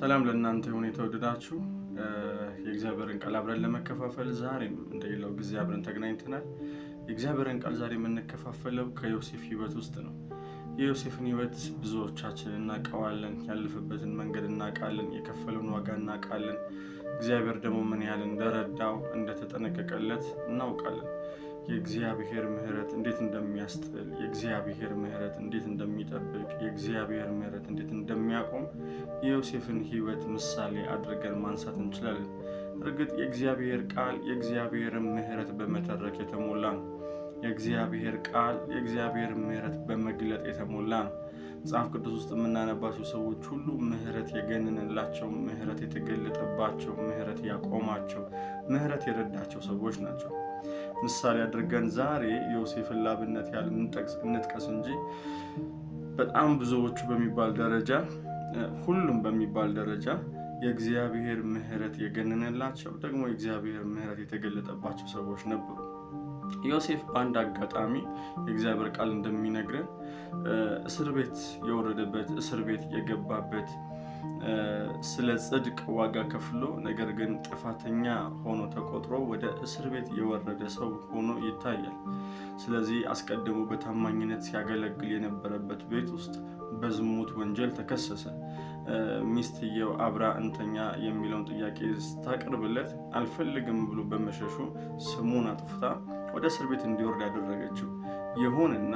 ሰላም ለእናንተ ይሁን የተወደዳችሁ የእግዚአብሔርን ቃል አብረን ለመከፋፈል ዛሬም እንደሌላው ጊዜ አብረን ተገናኝተናል። የእግዚአብሔርን ቃል ዛሬ የምንከፋፈለው ከዮሴፍ ሕይወት ውስጥ ነው። የዮሴፍን ሕይወት ብዙዎቻችን እናውቀዋለን። ያለፈበትን መንገድ እናውቃለን። የከፈለውን ዋጋ እናውቃለን። እግዚአብሔር ደግሞ ምን ያህል እንደረዳው እንደተጠነቀቀለት እናውቃለን። የእግዚአብሔር ምሕረት እንዴት እንደሚያስጥል፣ የእግዚአብሔር ምሕረት እንዴት እንደሚጠብቅ፣ የእግዚአብሔር ምሕረት እንዴት እንደሚያቆም የዮሴፍን ሕይወት ምሳሌ አድርገን ማንሳት እንችላለን። እርግጥ የእግዚአብሔር ቃል የእግዚአብሔርን ምሕረት በመተረክ የተሞላ ነው። የእግዚአብሔር ቃል የእግዚአብሔር ምሕረት በመግለጥ የተሞላ ነው። መጽሐፍ ቅዱስ ውስጥ የምናነባቸው ሰዎች ሁሉ ምሕረት የገነነላቸው፣ ምሕረት የተገለጠባቸው፣ ምሕረት ያቆማቸው፣ ምሕረት የረዳቸው ሰዎች ናቸው። ምሳሌ አድርገን ዛሬ ዮሴፍን ላብነት ያህል እንጥቀስ እንጂ በጣም ብዙዎቹ በሚባል ደረጃ ሁሉም በሚባል ደረጃ የእግዚአብሔር ምሕረት የገነነላቸው ደግሞ የእግዚአብሔር ምሕረት የተገለጠባቸው ሰዎች ነበሩ። ዮሴፍ በአንድ አጋጣሚ የእግዚአብሔር ቃል እንደሚነግረን እስር ቤት የወረደበት እስር ቤት የገባበት ስለ ጽድቅ ዋጋ ከፍሎ ነገር ግን ጥፋተኛ ሆኖ ተቆጥሮ ወደ እስር ቤት የወረደ ሰው ሆኖ ይታያል። ስለዚህ አስቀድሞ በታማኝነት ሲያገለግል የነበረበት ቤት ውስጥ በዝሙት ወንጀል ተከሰሰ። ሚስትየው አብራ እንተኛ የሚለውን ጥያቄ ስታቀርብለት አልፈልግም ብሎ በመሸሹ ስሙን አጥፍታ ወደ እስር ቤት እንዲወርድ ያደረገችው ይሁንና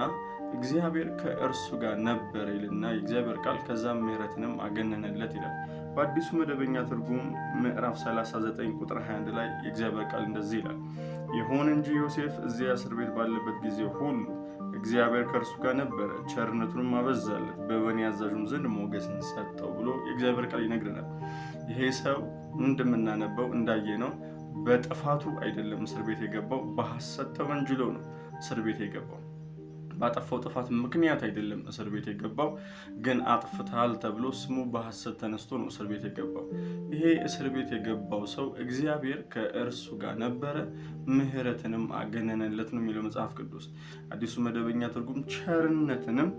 እግዚአብሔር ከእርሱ ጋር ነበር ይልና የእግዚአብሔር ቃል ከዛም ምሕረትንም አገነነለት ይላል። በአዲሱ መደበኛ ትርጉም ምዕራፍ 39 ቁጥር 21 ላይ የእግዚአብሔር ቃል እንደዚህ ይላል፣ ይሁን እንጂ ዮሴፍ እዚያ እስር ቤት ባለበት ጊዜ ሁሉ እግዚአብሔር ከእርሱ ጋር ነበረ፣ ቸርነቱንም አበዛለት፣ በወህኒ አዛዡም ዘንድ ሞገስን ሰጠው ብሎ የእግዚአብሔር ቃል ይነግረናል። ይሄ ሰው እንደምናነበው እንዳየ ነው በጥፋቱ አይደለም እስር ቤት የገባው፣ በሐሰት ተወንጅሎ ነው እስር ቤት የገባው። ባጠፋው ጥፋት ምክንያት አይደለም እስር ቤት የገባው፣ ግን አጥፍታል ተብሎ ስሙ በሐሰት ተነስቶ ነው እስር ቤት የገባው። ይሄ እስር ቤት የገባው ሰው እግዚአብሔር ከእርሱ ጋር ነበረ፣ ምሕረትንም አገነነለት ነው የሚለው መጽሐፍ ቅዱስ። አዲሱ መደበኛ ትርጉም ቸርነትንም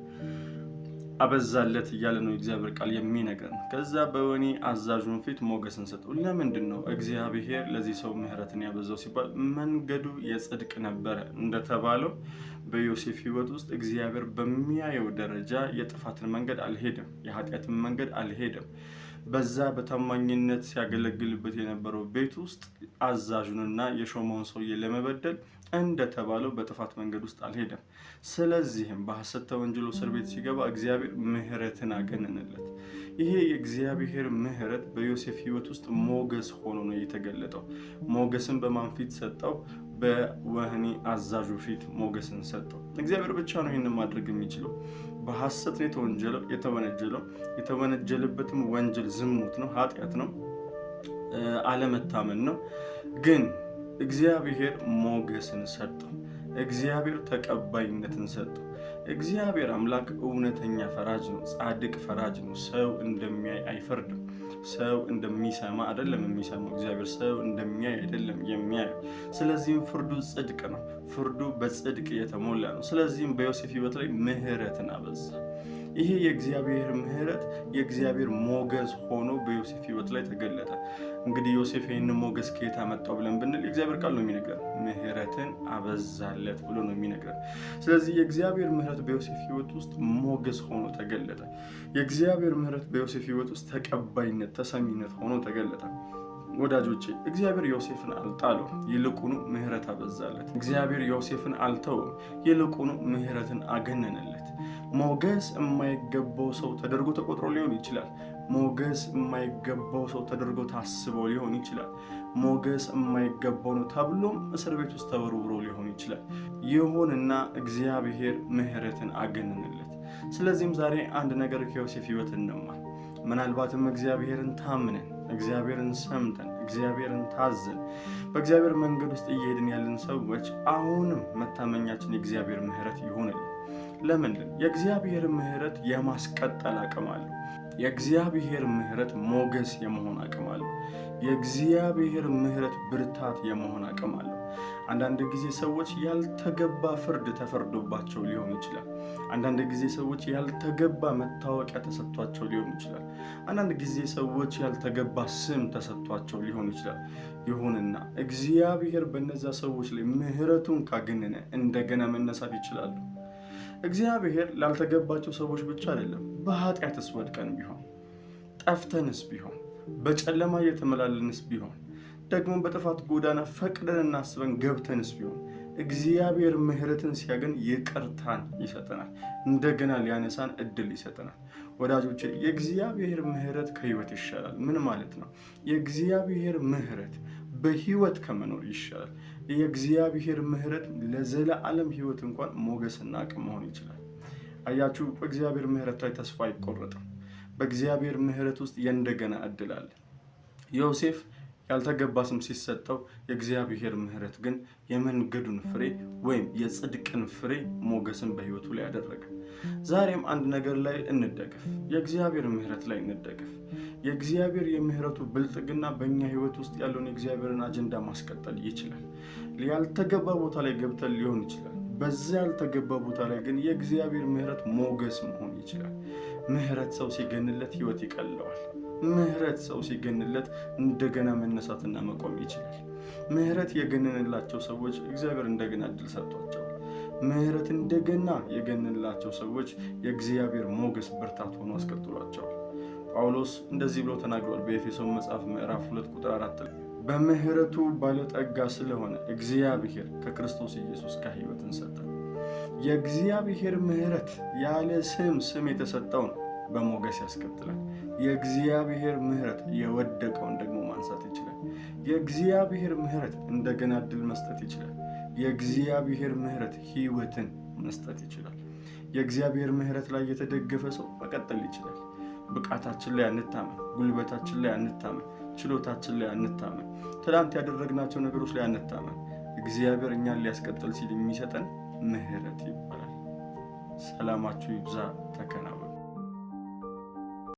አበዛለት እያለ ነው እግዚአብሔር ቃል የሚነግረን። ከዛ በወህኒ አዛዡን ፊት ሞገስን ሰጠው። ለምንድን ነው እግዚአብሔር ለዚህ ሰው ምሕረትን ያበዛው ሲባል መንገዱ የጽድቅ ነበረ እንደተባለው በዮሴፍ ሕይወት ውስጥ እግዚአብሔር በሚያየው ደረጃ የጥፋትን መንገድ አልሄደም፣ የኃጢአትን መንገድ አልሄደም። በዛ በታማኝነት ሲያገለግልበት የነበረው ቤት ውስጥ አዛዡንና የሾመውን ሰውዬ ለመበደል እንደተባለው በጥፋት መንገድ ውስጥ አልሄደም። ስለዚህም በሐሰት ተወንጅሎ እስር ቤት ሲገባ እግዚአብሔር ምሕረትን አገነነለት። ይሄ የእግዚአብሔር ምሕረት በዮሴፍ ሕይወት ውስጥ ሞገስ ሆኖ ነው የተገለጠው። ሞገስን በማን ፊት ሰጠው? በወህኒ አዛዡ ፊት ሞገስን ሰጠው። እግዚአብሔር ብቻ ነው ይህንን ማድረግ የሚችለው። በሐሰት ነው የተወንጀለው የተወነጀለው የተወነጀለበትም ወንጀል ዝሙት ነው፣ ኃጢአት ነው፣ አለመታመን ነው ግን እግዚአብሔር ሞገስን ሰጠው። እግዚአብሔር ተቀባይነትን ሰጠው። እግዚአብሔር አምላክ እውነተኛ ፈራጅ ነው፣ ጻድቅ ፈራጅ ነው። ሰው እንደሚያይ አይፈርድም። ሰው እንደሚሰማ አይደለም የሚሰማው። እግዚአብሔር ሰው እንደሚያይ አይደለም የሚያየው። ስለዚህም ፍርዱ ጽድቅ ነው። ፍርዱ በጽድቅ የተሞላ ነው። ስለዚህም በዮሴፍ ሕይወት ላይ ምሕረትን አበዛ። ይሄ የእግዚአብሔር ምሕረት የእግዚአብሔር ሞገስ ሆኖ በዮሴፍ ህይወት ላይ ተገለጠ። እንግዲህ ዮሴፍ ይህን ሞገስ ከየት አመጣው ብለን ብንል የእግዚአብሔር ቃል ነው የሚነግረን። ምሕረትን አበዛለት ብሎ ነው የሚነግረን። ስለዚህ የእግዚአብሔር ምሕረት በዮሴፍ ህይወት ውስጥ ሞገስ ሆኖ ተገለጠ። የእግዚአብሔር ምሕረት በዮሴፍ ህይወት ውስጥ ተቀባይነት፣ ተሰሚነት ሆኖ ተገለጠ። ወዳጆቼ እግዚአብሔር ዮሴፍን አልጣለው፣ ይልቁኑ ምሕረት አበዛለት። እግዚአብሔር ዮሴፍን አልተውም፣ ይልቁኑ ምሕረትን አገነነለት። ሞገስ የማይገባው ሰው ተደርጎ ተቆጥሮ ሊሆን ይችላል። ሞገስ የማይገባው ሰው ተደርጎ ታስቦ ሊሆን ይችላል። ሞገስ የማይገባው ነው ተብሎም እስር ቤት ውስጥ ተበርብሮ ሊሆን ይችላል። ይሁንና እግዚአብሔር ምሕረትን አገነነለት። ስለዚህም ዛሬ አንድ ነገር ከዮሴፍ ሕይወት እንማር። ምናልባትም እግዚአብሔርን ታምነን እግዚአብሔርን ሰምተን እግዚአብሔርን ታዘን በእግዚአብሔር መንገድ ውስጥ እየሄድን ያለን ሰዎች አሁንም መታመኛችን የእግዚአብሔር ምሕረት ይሆን ለምንድን የእግዚአብሔር ምሕረት የማስቀጠል አቅም አለው። የእግዚአብሔር ምሕረት ሞገስ የመሆን አቅም አለው። የእግዚአብሔር ምሕረት ብርታት የመሆን አቅም አለው። አንዳንድ ጊዜ ሰዎች ያልተገባ ፍርድ ተፈርዶባቸው ሊሆን ይችላል። አንዳንድ ጊዜ ሰዎች ያልተገባ መታወቂያ ተሰጥቷቸው ሊሆን ይችላል። አንዳንድ ጊዜ ሰዎች ያልተገባ ስም ተሰጥቷቸው ሊሆን ይችላል። ይሁንና እግዚአብሔር በነዛ ሰዎች ላይ ምሕረቱን ካገነነ እንደገና መነሳት ይችላሉ። እግዚአብሔር ላልተገባቸው ሰዎች ብቻ አይደለም። በኃጢአትስ ወድቀን ቢሆን ጠፍተንስ ቢሆን በጨለማ እየተመላለንስ ቢሆን ደግሞ በጥፋት ጎዳና ፈቅደን እናስበን ገብተንስ ቢሆን እግዚአብሔር ምሕረትን ሲያገኝ ይቅርታን ይሰጠናል፣ እንደገና ሊያነሳን እድል ይሰጠናል። ወዳጆች የእግዚአብሔር ምሕረት ከህይወት ይሻላል። ምን ማለት ነው? የእግዚአብሔር ምሕረት በህይወት ከመኖር ይሻላል። የእግዚአብሔር ምሕረት ለዘለዓለም ህይወት እንኳን ሞገስና አቅም መሆን ይችላል። አያችሁ፣ በእግዚአብሔር ምሕረት ላይ ተስፋ አይቆረጥም። በእግዚአብሔር ምሕረት ውስጥ የእንደገና እድል አለ። ዮሴፍ ያልተገባ ስም ሲሰጠው የእግዚአብሔር ምሕረት ግን የመንገዱን ፍሬ ወይም የጽድቅን ፍሬ ሞገስን በሕይወቱ ላይ አደረገ። ዛሬም አንድ ነገር ላይ እንደገፍ፣ የእግዚአብሔር ምሕረት ላይ እንደገፍ። የእግዚአብሔር የምሕረቱ ብልጥግና በእኛ ሕይወት ውስጥ ያለውን የእግዚአብሔርን አጀንዳ ማስቀጠል ይችላል። ያልተገባ ቦታ ላይ ገብተን ሊሆን ይችላል። በዛ ያልተገባ ቦታ ላይ ግን የእግዚአብሔር ምሕረት ሞገስ መሆን ይችላል። ምሕረት ሰው ሲገንለት ሕይወት ይቀለዋል። ምህረት ሰው ሲገንለት እንደገና መነሳትና መቆም ይችላል። ምህረት የገነንላቸው ሰዎች እግዚአብሔር እንደገና እድል ሰጥቷቸዋል። ምህረት እንደገና የገነንላቸው ሰዎች የእግዚአብሔር ሞገስ ብርታት ሆኖ አስቀጥሏቸዋል። ጳውሎስ እንደዚህ ብሎ ተናግሯል። በኤፌሶን መጽሐፍ ምዕራፍ 2 ቁጥር 4 በምህረቱ ባለጠጋ ስለሆነ እግዚአብሔር ከክርስቶስ ኢየሱስ ጋር ህይወትን ሰጠ። የእግዚአብሔር ምህረት ያለ ስም ስም የተሰጠውን በሞገስ ያስቀጥላል። የእግዚአብሔር ምሕረት የወደቀውን ደግሞ ማንሳት ይችላል። የእግዚአብሔር ምሕረት እንደገና እድል መስጠት ይችላል። የእግዚአብሔር ምሕረት ሕይወትን መስጠት ይችላል። የእግዚአብሔር ምሕረት ላይ የተደገፈ ሰው መቀጠል ይችላል። ብቃታችን ላይ አንታመን፣ ጉልበታችን ላይ አንታመን፣ ችሎታችን ላይ አንታመን፣ ትላንት ያደረግናቸው ነገሮች ላይ አንታመን። እግዚአብሔር እኛን ሊያስቀጥል ሲል የሚሰጠን ምሕረት ይባላል። ሰላማችሁ ይብዛ። ተከናወ